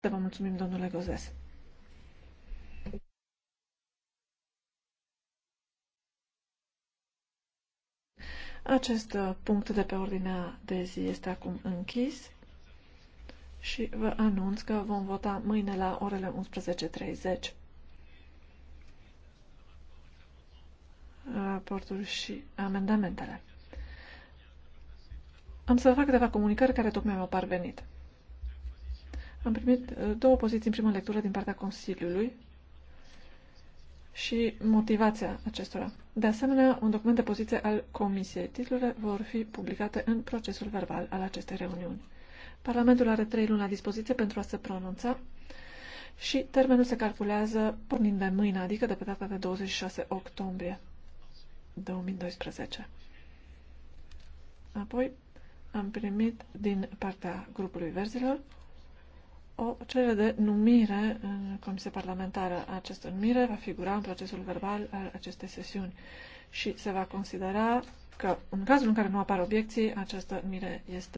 Vă mulțumim, domnule Gozes. Acest uh, punct de pe ordinea de zi este acum închis și vă anunț că vom vota mâine la orele 11.30. Raportul și amendamentele. Am să fac câteva comunicări care tocmai mi-au parvenit. Am primit uh, două poziții în prima lectură din partea Consiliului și motivația acestora. De asemenea, un document de poziție al Comisiei. Titlurile vor fi publicate în procesul verbal al acestei reuniuni. Parlamentul are trei luni la dispoziție pentru a se pronunța și termenul se calculează pornind de mâine, adică de pe data de 26 octombrie 2012. Apoi am primit din partea grupului verzilor o cerere de numire în Comisia Parlamentară a acestor numire va figura în procesul verbal al acestei sesiuni și se va considera că în cazul în care nu apar obiecții, această numire este